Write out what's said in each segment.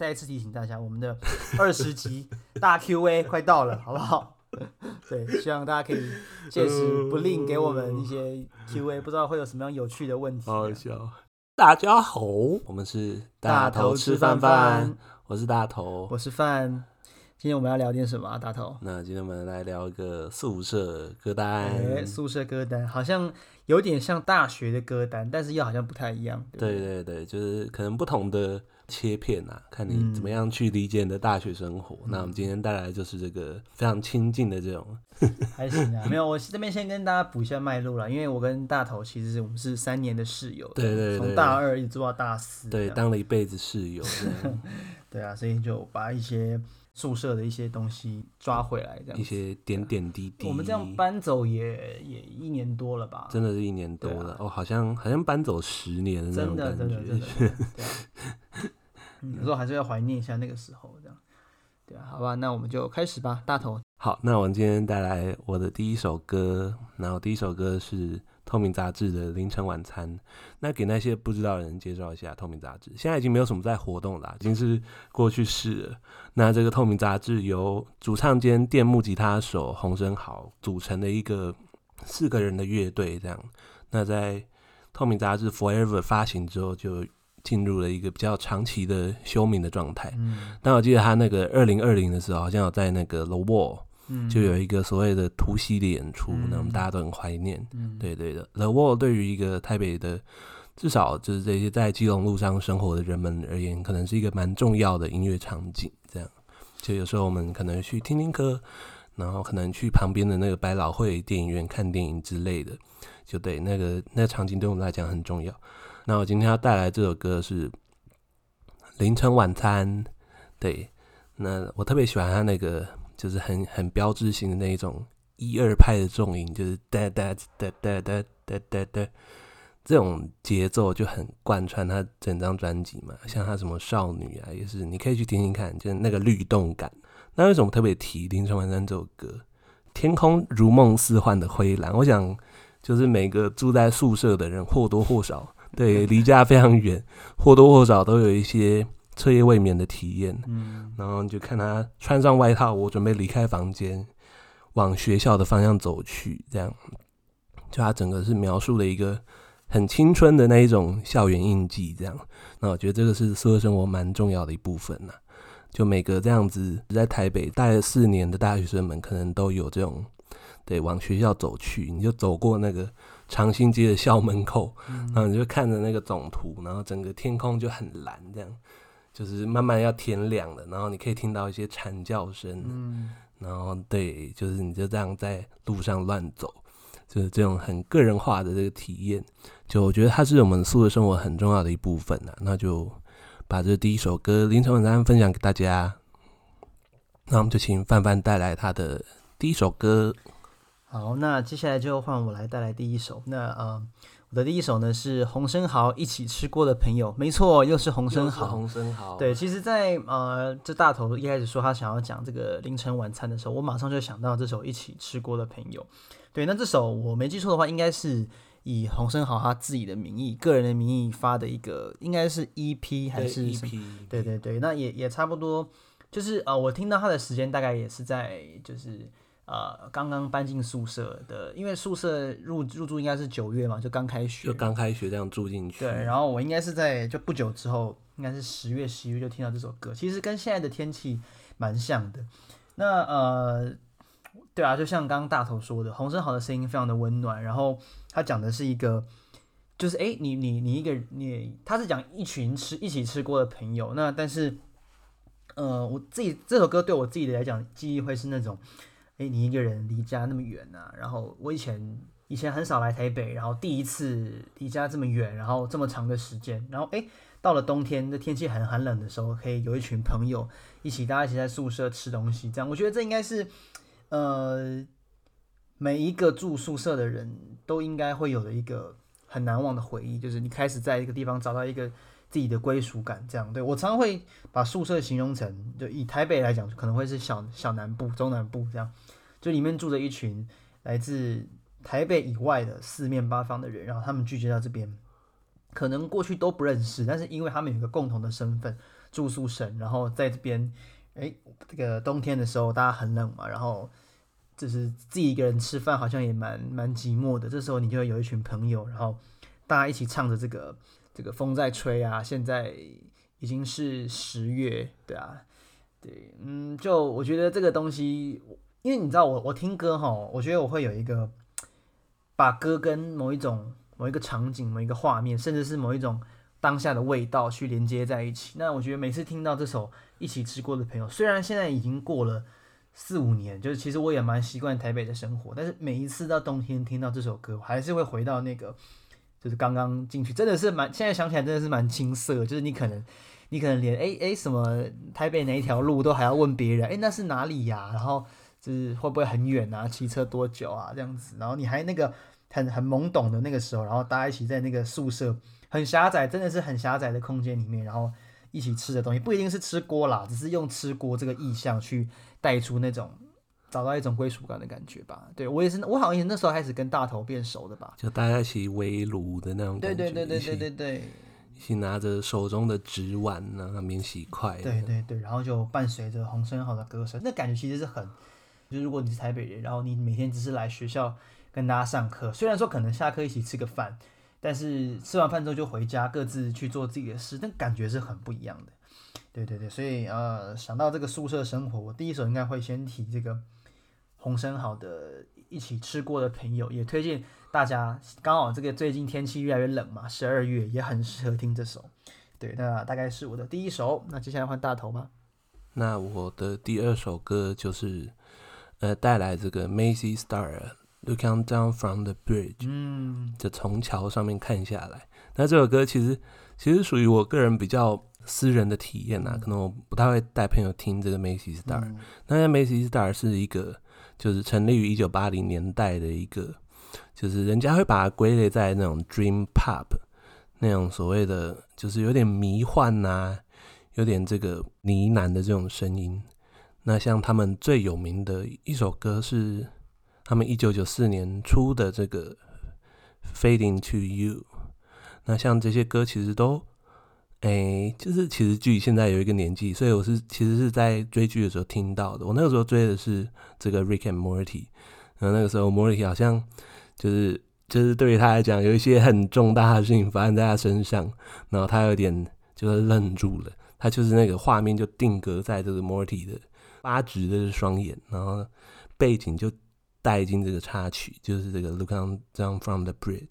再一次提醒大家，我們的二十集大 Q&A 快到了，好不好？ 對，希望大家可以屆時不吝給我們一些 Q&A，不知道會有什麼樣有趣的問題啊？好笑！大家好，我們是大頭與范范，我是大頭，我是范。今天我們要聊點什麼啊？大頭，那今天我們來聊一個宿舍歌單。哎，宿舍歌單好像有點像大學的歌單，但是又好像不太一樣。對對、對對，就是可能不同的。切片啊，看你怎麼樣去理解你的大學生活。嗯、那我們今天帶來的就是這個非常親近的這種，還行啊。沒有，我這邊先跟大家補一下脈絡了，因為我跟大頭其實我們是三年的室友，對對，對對，從大二一直住到大四，對，當了一輩子室友，對， 對啊，所以就把一些宿舍的一些東西抓回來，這樣一些點點滴滴。啊。我們這樣搬走也也一年多了吧？真的是一年多了，啊、哦，好像好像搬走十年真的那種感覺。對對對對對有時候還是要懷念一下那個時候，這樣，對啊，好吧，那我們就開始吧，大頭。好，那我們今天帶來我的第一首歌，然後第一首歌是透明雜誌的《凌晨晚餐》。那給那些不知道的人介紹一下，透明雜誌現在已經沒有什麼在活動了，已經是過去式了。那這個透明雜誌由主唱兼電木吉他手洪申豪組成的一個四個人的樂隊，這樣。那在透明雜誌《Forever》發行之後就。進入了一個比較長期的休眠的狀態。嗯、但我記得他那個二零二零的時候，好像有在那個 The Wall，就有一個所謂的突襲的演出，嗯、那我們大家都很懷念。嗯、對對的，The Wall 對於一個台北的，至少就是這些在基隆路上生活的人們而言，可能是一個蠻重要的音樂場景。這樣，就有時候我們可能去聽聽歌，然後可能去旁邊的那個百老匯電影院看電影之類的，就對那個那個場景對我們來講很重要。那我今天要帶來這首歌是《凌晨晚餐》，對，那我特別喜歡他那個就是很很標誌性的那一種一二拍的重音，就是噠噠噠噠噠噠噠，這種節奏就很貫穿他整張專輯嘛。像他什麼少女啊，也是你可以去聽聽看，就是那個律動感。那為什麼特別提《凌晨晚餐》這首歌？天空如夢似幻的灰藍，我想就是每個住在宿舍的人或多或少。對，離家非常遠，或多或少都有一些徹夜未眠的體驗。嗯，然後你就看他穿上外套，我準備離開房間，往學校的方向走去。這樣，就他整個是描述了一個很青春的那一種校園印記。這樣，那我覺得這個是宿舍生活蠻重要的一部分吶、啊。就每個這樣子在台北待了四年的大學生們，可能都有這種，對，往學校走去，你就走過那個。長興街的校門口，嗯、然後你就看着那個總圖，然後整個天空就很藍，這樣就是慢慢要天亮了，然後你可以聽到一些蟬叫聲，嗯，然後對，就是你就這樣在路上亂走，就是這種很個人化的這個體驗，就我覺得它是我們宿舍生活很重要的一部分了、啊。那就把這第一首歌凌晨晚餐分享給大家，那我們就請范范帶來他的第一首歌。好，那接下來就換我來帶來第一首。那呃，我的第一首呢是洪申豪一起吃鍋的朋友，沒錯，又是洪申豪。洪申豪。對，其實在，在呃，這大頭一開始說他想要講這個凌晨晚餐的時候，我馬上就想到這首一起吃鍋的朋友。對，那這首我沒記錯的話，應該是以洪申豪他自己的名義、個人的名義發的一個，應該是 EP 還是什麼 EP？EP。對對對，那也也差不多，就是呃，我聽到他的時間大概也是在就是。呃，剛剛搬進宿舍的，因為宿舍入入住應該是九月嘛，就剛開學，就剛開學這樣住進去。對，然後我應該是在就不久之後，應該是十月、十一月就聽到這首歌。其實跟現在的天氣蠻像的。那呃，對啊，就像剛剛大頭說的，洪申豪的聲音非常的溫暖。然後他講的是一個，就是哎，你你你一個人你也，他是講一群吃一起吃鍋的朋友。那但是，呃，我自己這首歌對我自己的來講，記憶會是那種。誒，你一個人離家那麼遠啊。然後我以前以前很少來台北，然後第一次離家這麼遠，然後這麼長的時間，然後誒，到了冬天的天氣很寒冷的時候，可以有一群朋友一起，大家一起在宿舍吃東西，這樣我覺得這應該是，呃，每一個住宿舍的人都應該會有的一個很難忘的回憶，就是你開始在一個地方找到一個。自己的歸屬感，這樣對。我常常會把宿舍形容成，就以台北來講，可能會是小小南部、中南部這樣，就裡面住着一群來自台北以外的四面八方的人，然後他們聚集到這邊，可能過去都不認識，但是因為他們有一個共同的身份，住宿生，然後在這邊，誒，這個冬天的時候大家很冷嘛，然後就是自己一個人吃飯好像也蠻蠻寂寞的，這時候你就會有一群朋友，然後大家一起唱着這個。這個風在吹啊，現在已經是十月，對啊，對，嗯，就我覺得這個東西，因為你知道我我聽歌吼，我覺得我會有一個把歌跟某一種、某一個場景、某一個畫面，甚至是某一種當下的味道去連接在一起。那我覺得每次聽到這首《一起吃鍋的朋友》，雖然現在已經過了四五年，就是其實我也蠻習慣台北的生活，但是每一次到冬天聽到這首歌，我還是會回到那個。就是剛剛進去，真的是蠻，現在想起來真的是蠻青澀。就是你可能，你可能連誒誒什麼台北哪一條路都還要問別人，誒，那是哪裡呀、啊？然後就是會不會很遠啊？騎車多久啊？這樣子，然後你還那個很很懵懂的那個時候，然後大家一起在那個宿舍很狹窄，真的是很狹窄的空間裡面，然後一起吃的東西不一定是吃鍋啦，只是用吃鍋這個意象去帶出那種。找到一種歸屬感的感覺吧，對我也是，我好像也那時候開始跟大頭變熟的吧，就大家一起圍爐的那種感覺。對對，對對對對對對，一起，一起拿着手中的紙碗呢，然後那邊洗筷，對對對，然後就伴隨着洪申豪的歌聲，那感覺其實是很，就是、如果你是台北人，然後你每天只是來學校跟大家上課，雖然說可能下課一起吃個飯，但是吃完飯之後就回家，各自去做自己的事，那感覺是很不一樣的，對對對，所以呃，想到這個宿舍生活，我第一首應該會先提這個。洪申豪的〈一起吃鍋的朋友〉也推薦大家。剛好這個最近天氣越來越冷嘛，十二月也很適合聽這首。對，那大概是我的第一首。那接下來換大頭吧。那我的第二首歌就是呃帶來這個《Mazzy Star》。Look on down from the bridge，嗯，就從橋上面看下來。那這首歌其實其實屬於我個人比較私人的體驗啦、啊，可能我不太會帶朋友聽這個《Mazzy Star》，嗯，《Mazzy Star》。那《Mazzy Star》是一個。就是成立於一九八零年代的一個，就是人家會把它歸類在那種 dream pop 那種所謂的，就是有點迷幻吶、啊，有點這個呢喃的這種聲音。那像他們最有名的一首歌是他們一九九四年出的這個《Fade Into You》。那像這些歌其實都。哎，就是其實劇現在有一個年紀，所以我是其實是在追劇的時候聽到的。我那個時候追的是這個《Rick and Morty》，然後那個時候 Morty 好像就是就是對於他來講有一些很重大的事情發生在他身上，然後他有點就是愣住了。他就是那個畫面就定格在這個 Morty 的發直的雙眼，然後背景就帶進這個插曲，就是這個《Look on down from the bridge》。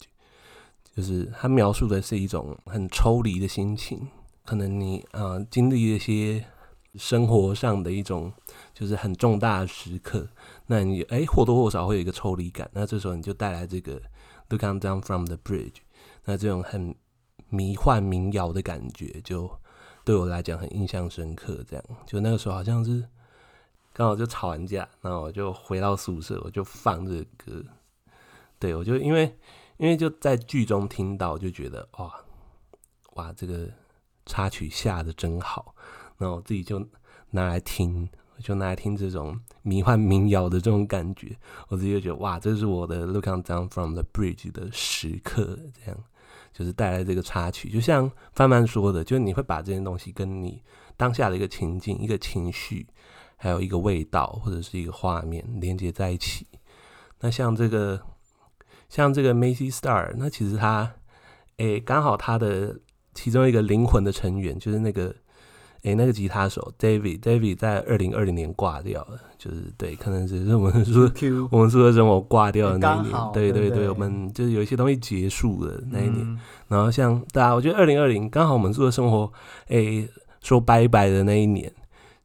就是他描述的是一種很抽離的心情，可能你啊、呃、經歷一些生活上的一種就是很重大的時刻，那你哎、欸、或多或少會有一個抽離感，那這時候你就帶來這個《Look on down from the bridge》，那這種很迷幻民謠的感覺，就對我來講很印象深刻。這樣，就那個時候好像是剛好就吵完架，那我就回到宿舍，我就放這個歌，對我就因為。因為就在劇中聽到，就覺得、哦，哇哇這個插曲下的真好，那我自己就拿來聽，就拿來聽這種迷幻民謠的這種感覺，我自己就覺得哇，這是我的《Look on Down from the Bridge》的時刻，這樣就是帶來這個插曲，就像范范說的，就是你會把這件東西跟你當下的一個情境、一個情緒，還有一個味道或者是一個畫面連接在一起。那像這個。像這個 Mazzy Star，那其實他，誒剛好他的其中一個靈魂的成員就是那個，誒那個吉他手 David，David David 在二零二零年掛掉了，就是對，可能是是我們說 Q. 我們宿舍生活掛掉的那一年，好對對對，對對對我們就是有一些東西結束了那一年。嗯、然後像大家、啊，我覺得二零二零剛好我們宿舍生活誒說拜拜的那一年，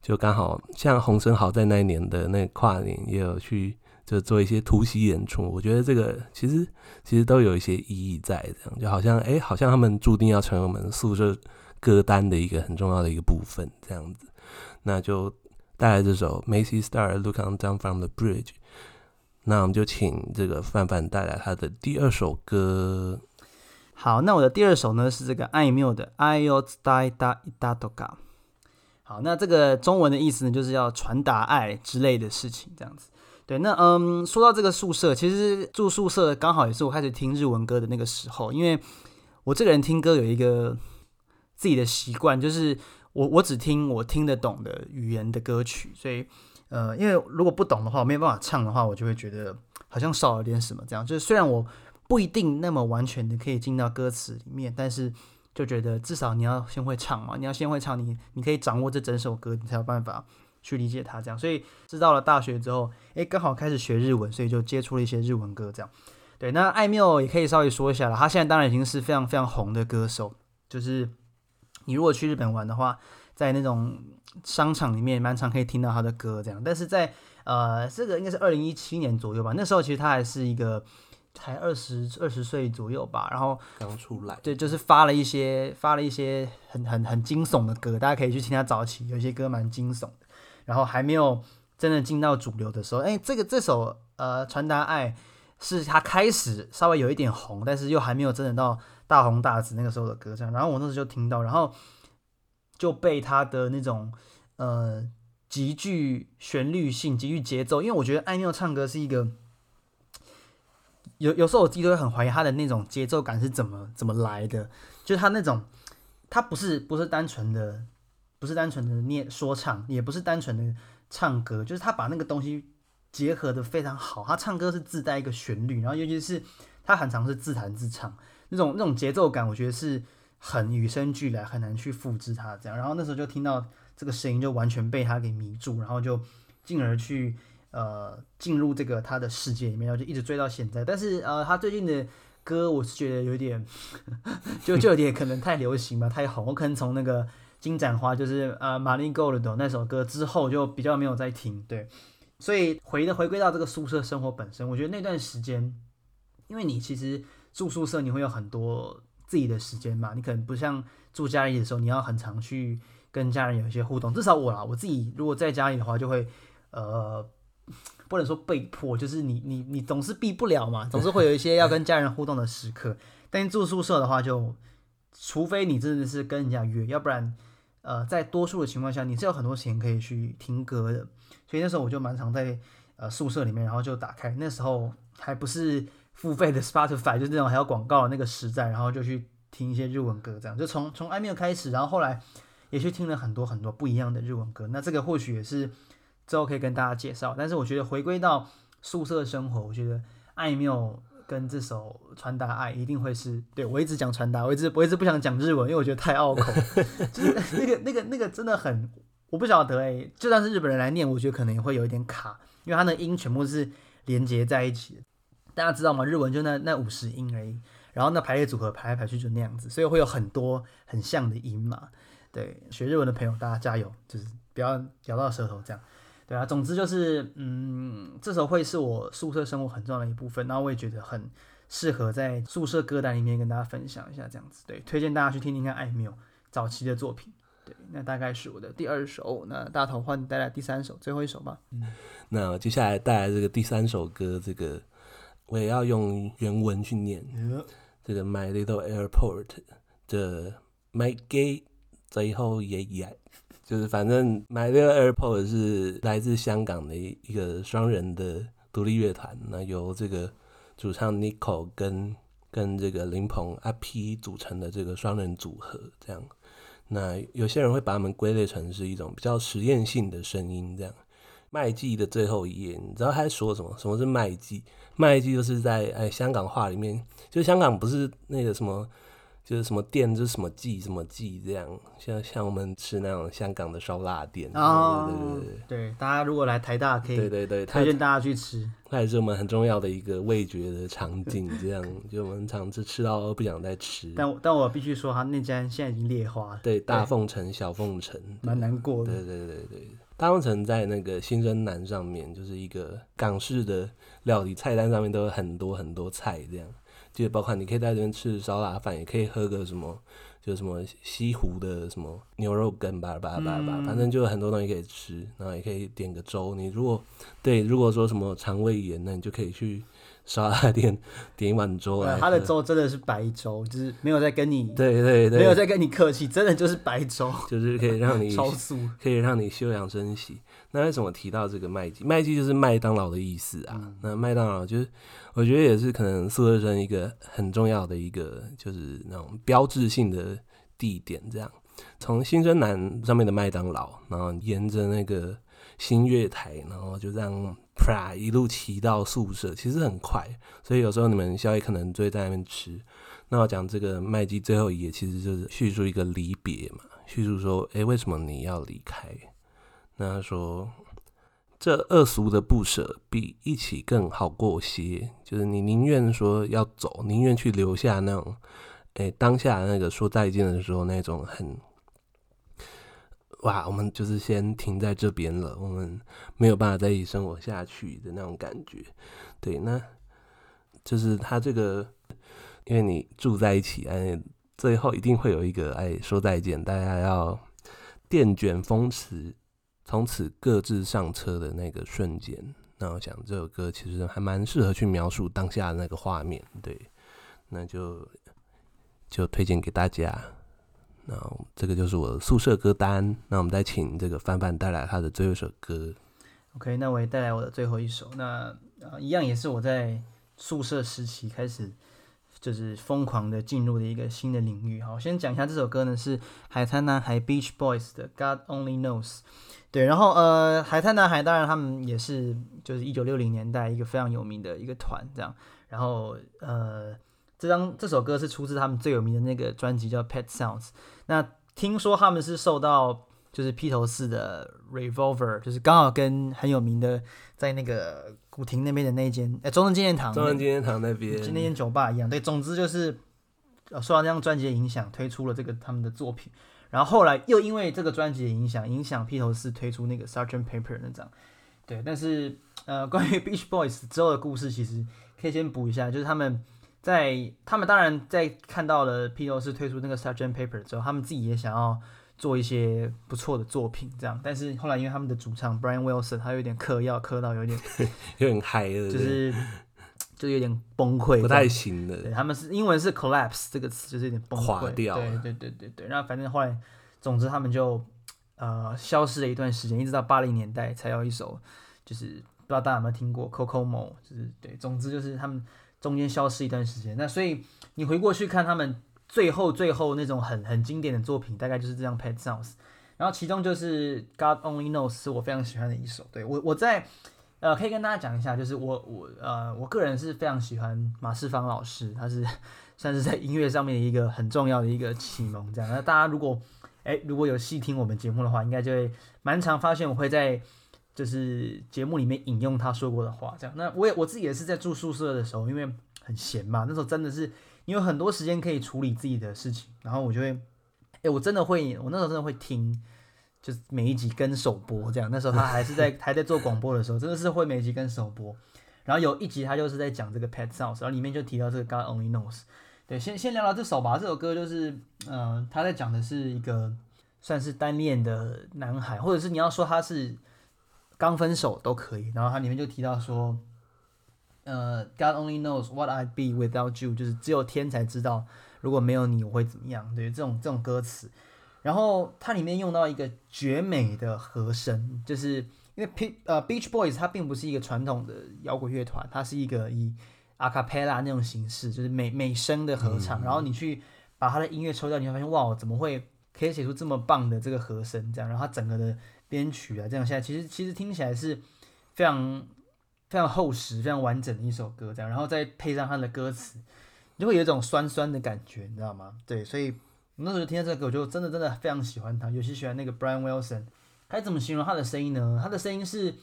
就剛好像洪申豪在那一年的那跨年也有去。就做一些突襲演出，我覺得這個其實其實都有一些意義在，這樣就好像哎，好像他們注定要成為我們宿舍歌單的一個很重要的一個部分，這樣子。那就帶來這首《Mazzy Star Look on Down from the Bridge》。那我們就請這個范范帶來他的第二首歌。好，那我的第二首呢是這個愛繆的《愛を伝えたいだとか》。好，那這個中文的意思呢，就是要傳達愛之類的事情，這樣子。對，那嗯，說到這個宿舍，其實住宿舍剛好也是我開始聽日文歌的那個時候。因為我這個人聽歌有一個自己的習慣，就是我我只聽我聽得懂的語言的歌曲。所以，呃，因為如果不懂的話，我沒有辦法唱的話，我就會覺得好像少了點什麼。這樣就是，雖然我不一定那麼完全的可以進到歌詞裡面，但是就覺得至少你要先會唱嘛，你要先會唱，你你可以掌握這整首歌，你才有辦法，去理解他，這樣，所以知道了大學之後，哎，剛好開始學日文，所以就接觸了一些日文歌這樣。對，那愛繆也可以稍微說一下了。他現在當然已經是非常非常紅的歌手，就是你如果去日本玩的話，在那種商場裡面，蠻常可以聽到他的歌這樣。但是在呃，這個應該是二零一七年左右吧，那時候其實他還是一個才二十二十歲左右吧，然後剛出來，對，就是發了一些發了一些很很很驚悚的歌，大家可以去聽他早期，有些歌蠻驚悚的。然後還沒有真的進到主流的時候，哎，這個這首呃，傳達愛是他開始稍微有一點紅，但是又還沒有真的到大紅大紫那個時候的歌唱。然後我那時候就聽到，然後就被他的那種呃極具旋律性、極具節奏，因為我覺得艾妙唱歌是一個有有時候我自己都會很懷疑他的那種節奏感是怎麼怎麼來的，就是他那種他不是不是單純的。不是單純的念說唱，也不是單純的唱歌，就是他把那個東西結合的非常好。他唱歌是自帶一個旋律，然後尤其是他很常是自彈自唱，那種那種節奏感，我覺得是很與生俱來，很難去複製他這樣。然後那時候就聽到這個聲音，就完全被他給迷住，然後就進而去呃進入這個他的世界裡面，然後就一直追到現在。但是呃，他最近的歌，我是覺得有點， 就就有點可能太流行吧，太紅，我可能從那個。金盞花就是呃、marigold 的那首歌之後就比較沒有再聽。對，所以回的回歸到這個宿舍生活本身，我覺得那段時間，因為你其實住宿舍你會有很多自己的時間嘛，你可能不像住家裡的時候，你要很常去跟家人有一些互動，至少我啦，我自己如果在家裡的話就會呃、不能說被迫，就是你你你總是避不了嘛，總是會有一些要跟家人互動的時刻， 但住宿舍的話就除非你真的是跟人家約，要不然。呃，在多數的情況下，你是有很多錢可以去聽歌的，所以那時候我就蠻常在呃宿舍裡面，然後就打開那時候還不是付費的 Spotify，就是那種還有廣告的那個時代，然後就去聽一些日文歌，這樣就從從あいみょん開始，然後後來也去聽了很多很多不一樣的日文歌，那這個或許也是之後可以跟大家介紹，但是我覺得回歸到宿舍生活，我覺得あいみょん。跟這首傳達愛一定會是，對，我一直講傳達，我一直我一直不想講日文，因為我覺得太拗口， 就是那個那個那個真的很，我不曉得哎、欸，就算是日本人來念，我覺得可能也會有一點卡，因為它的音全部是連接在一起，大家知道嗎？日文就那那五十音而已，然後那排列組合排來排去就那樣子，所以會有很多很像的音嘛。對，學日文的朋友，大家加油，就是不要咬到舌頭這樣。對啊，總之就是，嗯，這首會是我宿舍生活很重要的一部分，然後我也覺得很適合在宿舍歌單裡面跟大家分享一下，這樣子對，推薦大家去聽聽看艾繆早期的作品。對，那大概是我的第二首，那大頭換帶來第三首，最後一首吧。嗯，那接下來帶來這個第三首歌，這個我也要用原文去念，Yeah. 這個 My Little Airport 的麥記最後一夜。就是反正 My Little Airport 是來自香港的一一個雙人的獨立樂團，那由這個主唱 Nico 跟跟這個林鵬阿 P 組成的這個雙人組合，這樣。那有些人會把他們歸類成是一種比較實驗性的聲音，這樣。麥記的最後一夜，你知道他在說什麼？什麼是麥記？麥記就是在誒、哎、香港話裡面，就香港不是那個什麼。就是什麼店，就是什麼記，什麼記這樣，像像我們吃那種香港的燒臘店，對、oh, 對對對。對，大家如果來台大可以，對對對，推薦大家去吃，那也是我們很重要的一個味覺的場景。這樣， 就我們常吃吃到不想再吃。 但我但我必須說，哈，那家現在已經劣化了。對，大鳳城、小鳳城，蠻對對難過的。對對對對，大鳳城在那個新生南上面，就是一個港式的料理，菜單上面都有很多很多菜這樣。就包括你可以在這邊吃燒臘飯，也可以喝個什麼，就什麼西湖的什麼牛肉羹吧吧吧吧，吧吧吧吧嗯，反正就很多東西可以吃，然後也可以點個粥。你如果對如果說什麼腸胃炎呢，那你就可以去。刷他點點一碗粥啊！他的粥真的是白粥，就是沒有在跟你對對對，沒有在跟你客氣，真的就是白粥，就是可以讓你 超速，可以讓你休養生息。那為什麼提到這個麥麥記？麥記就是麥當勞的意思啊。嗯、那麥當勞就是，我覺得也是可能宿舍生一個很重要的一個，就是那種標誌性的地點。這樣，從新生南上面的麥當勞，然後沿着那個。新月台，然後就讓普拉一路騎到宿舍，其實很快。所以有時候你們宵夜可能就會在那邊吃。那我講這個麥基最後一頁，其實就是敘述一個離別嘛，敘述說，哎、欸，為什麼你要離開？那他說，這惡俗的不舍比一起更好過些，就是你寧願說要走，寧願去留下那種，哎、欸，當下那個說再見的時候那種很。哇，我們就是先停在這邊了，我們沒有辦法在一起生活下去的那種感覺。對，那就是他這個，因為你住在一起，哎，最後一定會有一個哎說再見，大家要電捲風馳，從此各自上車的那個瞬間。那我想這首歌其實還蠻適合去描述當下的那個畫面。對，那就就推薦給大家。那這個就是我的宿舍歌單。那我們再請這個范范帶來他的最後一首歌。OK，那我也帶來我的最後一首。那、啊、一樣也是我在宿舍時期開始，就是瘋狂的進入的一個新的領域。好，先講一下這首歌呢，是海灘男孩 （Beach Boys） 的《God Only Knows》。對，然後呃，海灘男孩當然他們也是就是一九六零年代一個非常有名的一個團。這樣，然後呃，這張這首歌是出自他們最有名的那個專輯叫《Pet Sounds》。那聽說他們是受到就是披頭士的 Revolver，就是剛好跟很有名的在那個古亭那邊的那一間。哎、欸，中正紀念堂，中正紀念堂那邊就那間酒吧一樣。對，總之就是受到那張專輯的影響，推出了這個他們的作品。然後後來又因為這個專輯的影響，影響披頭士推出那個 Sergeant Pepper 那張。對，但是呃，關於 Beach Boys 之後的故事，其實可以先補一下，就是他們。在他們當然在看到了披頭士推出那個 Sgt. Pepper 之後，他們自己也想要做一些不錯的作品，這樣。但是後來因為他們的主唱 Brian Wilson 他有點嗑藥，嗑到有點 有點嗨 high，就是對就有點崩潰，不太行了。對，他們是英文是 collapse 這個詞就是有點崩潰掉對。對對對對對，對。然後反正後來，總之他們就呃消失了一段時間，一直到八零年代才有一首，就是不知道大家有沒有聽過 Kokomo 就是對，總之就是他們。中間消失一段時間，那所以你回過去看他們最後最後那種很很經典的作品，大概就是這張 Pet Sounds，然後其中就是 God Only Knows，是我非常喜歡的一首。對，我，我在呃，可以跟大家講一下，就是我我呃，我個人是非常喜歡馬世芳老師，他是算是在音樂上面一個很重要的一個啟蒙。這樣，那大家如果誒、欸、如果有細聽我們節目的話，應該就會蠻常發現我會在。就是節目裡面引用他說過的話，這樣。那我也我自己也是在住宿舍的時候，因為很閒嘛，那時候真的是你有很多時間可以處理自己的事情，然後我就會，哎、欸，我真的會，我那時候真的會聽，就是每一集跟首播這樣。那時候他還是在 還在做廣播的時候，真的是會每一集跟首播。然後有一集他就是在講這個 Pet Sounds，然後裡面就提到這個 God Only Knows。對，先先聊聊這首吧。這首歌就是，嗯、呃，他在講的是一個算是單戀的男孩，或者是你要說他是。剛分手都可以，然後它裡面就提到說，呃，God only knows what I'd be without you，就是只有天才知道如果沒有你我會怎麼樣，對，這種這種歌詞。然後它裡面用到一個絕美的和聲，就是因為 Be 呃、uh, Beach Boys 它並不是一個傳統的搖滾樂團，它是一個以 A cappella 那種形式，就是美美聲的合唱。嗯、然後你去把它的音樂抽掉，你會發現哇，怎麼會可以寫出這麼棒的這個和聲？這樣，然後它整個的。編曲啊，這樣現在其實其實聽起來是非常非常厚實、非常完整的一首歌，這樣，然後再配上他的歌詞，就會有一種酸酸的感覺，你知道嗎？對，所以我那時候聽到這首歌，我就真的真的非常喜歡他，尤其喜歡那個 Brian Wilson，該怎麼形容他的聲音呢？他的聲音是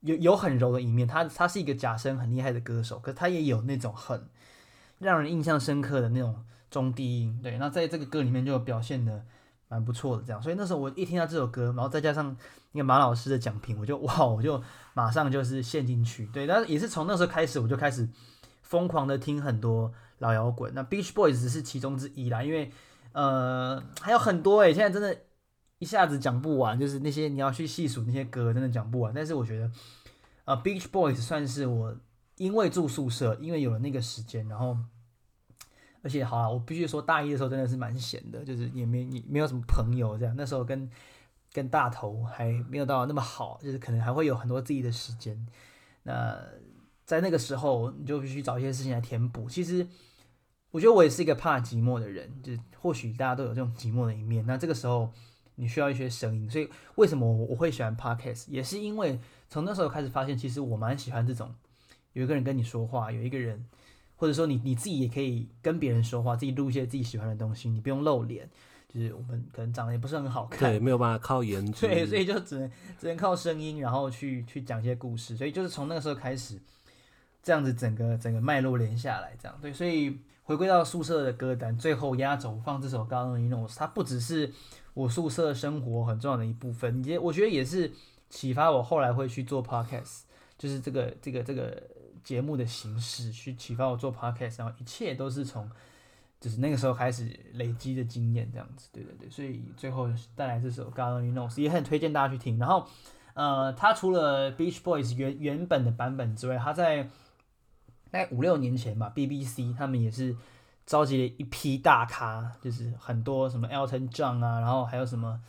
有有很柔的一面，他他是一個假聲很厲害的歌手，可是他也有那種很讓人印象深刻的那種中低音，對，那在這個歌裡面就表現的。蠻不錯的，這樣，所以那時候我一聽到這首歌，然後再加上那個馬老師的講評，我就哇，我就馬上就是陷進去。對，但也是從那時候開始，我就開始瘋狂的聽很多老搖滾。那 Beach Boys 只是其中之一啦，因為呃還有很多誒，現在真的，一下子講不完，就是那些你要去細數那些歌，真的講不完。但是我覺得，啊、呃，Beach Boys 算是我因為住宿舍，因為有了那個時間，然後。而且，好啊，我必須說，大一的時候真的是蠻閒的，就是也沒你沒有什麼朋友這樣。那時候跟跟大頭還沒有到那麼好，就是可能還會有很多自己的時間。那在那個時候，你就必須找一些事情來填補。其實，我覺得我也是一個怕寂寞的人，就是、或許大家都有這種寂寞的一面。那這個時候，你需要一些聲音。所以，為什麼我，我會喜歡 Podcast？也是因為從那時候開始發現，其實我蠻喜歡這種有一個人跟你說話，有一個人。或者說你你自己也可以跟別人說話，自己錄一些自己喜歡的東西，你不用露臉，就是我們可能長得也不是很好看，對，沒有辦法靠顏值， 對，所以就只能只能靠聲音，然後去去講一些故事，所以就是從那個時候開始，這樣子整個整個脈絡連下來，這樣，對，所以回歸到宿舍的歌單，最後壓軸放這首《高中音樂》，它不只是我宿舍生活很重要的一部分，也我覺得也是啟發我後來會去做 podcast，就是這個這個這個。這個節目的形式去啟發我做 podcast，然後一切都是從就是那個時候開始累積的經驗，這樣子，對對對，所以最後帶來這首《Garden of o e s 也很推薦大家去聽。然後，呃，他除了 Beach Boys 原原本的版本之外，他在在五六年前吧，BBC 他們也是召集了一批大咖，就是很多什麼 Elton John 啊，然後還有什麼，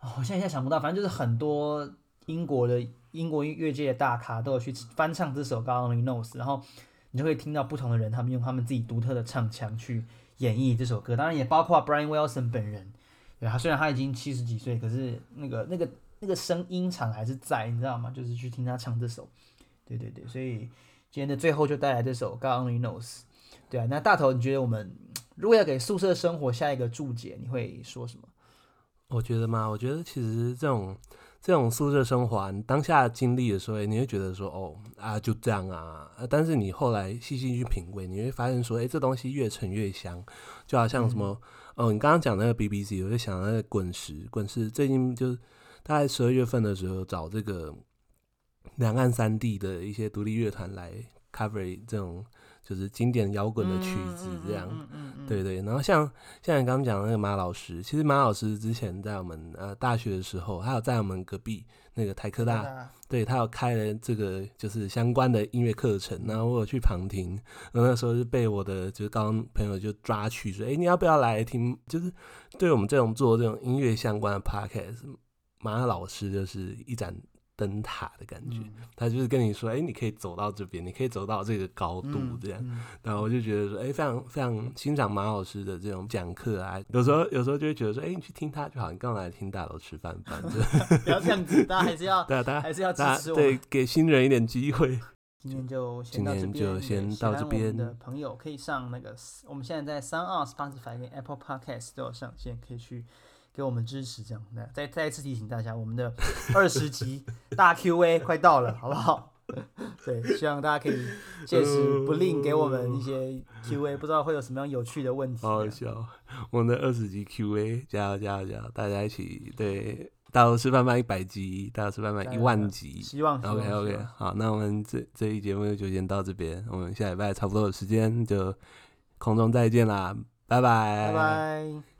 哦、我現在一下想不到，反正就是很多。英國的英國音樂界的大咖都有去翻唱這首《God Only Knows》，然後你就會聽到不同的人他們用他們自己獨特的唱腔去演繹這首歌。當然也包括 Brian Wilson 本人，對，他雖然他已經七十幾歲，可是那個那個那個聲音場還是在，你知道嗎？就是去聽他唱這首。對對對，所以今天的最後就帶來這首《God Only Knows》。對啊，那大頭，你覺得我們如果要給宿舍生活下一個注解，你會說什麼？我覺得嘛，我覺得其實這種。這種宿舍生活、啊，你當下經歷的時候、欸，你會覺得說，哦啊，就這樣啊。但是你後來細細去品味，你會發現說，哎、欸，這東西越陳越香。就好像什麼，嗯、哦，你剛剛講那個 BBC，我就想到那個滾石，滾石最近就大概十二月份的時候，找這個兩岸三地的一些獨立樂團來 cover 這種。就是經典搖滾的曲子這樣，對對。然後像像你剛剛講的那個馬老師，其實馬老師之前在我們呃大學的時候，他有在我們隔壁那個台科大，對，他有開了這個就是相關的音樂課程。然後我有去旁聽，然後那時候就被我的就是高中朋友就抓去說，哎，你要不要來聽？就是對我們這種做這種音樂相關的 podcast，馬老師就是一盞，燈塔的感覺，嗯、他就是跟你說，哎、欸，你可以走到這邊，你可以走到這個高度，這樣。嗯嗯、然後我就覺得說，哎、欸，非常非常欣賞馬老師的這種講課啊。有時候有時候就會覺得說，哎、欸，你去聽他，就好像剛來聽大樓吃飯反正， 不要這樣子，大家還是要對，大家還是要支持我，對，給新人一點機會。今天就今天就先到這邊。的朋友可以上那個，我們現在在 Spotify 跟 Apple Podcast 都有上線，可以去。給我們支持，這樣，來再再一次提醒大家，我們的二十集大 Q&A 快到了， 好不好？對，希望大家可以屆時不吝給我們一些 Q&A、呃、不知道會有什麼樣有趣的問題。好笑，我們的二十集 Q&A，加油加油加油！大家一起對大頭與范范一百集，大頭與范范一萬集，希望 OK OK 望。好，那我們這這一節目就先到這邊，我們下禮拜差不多有時間就空中再見啦，拜拜。Bye bye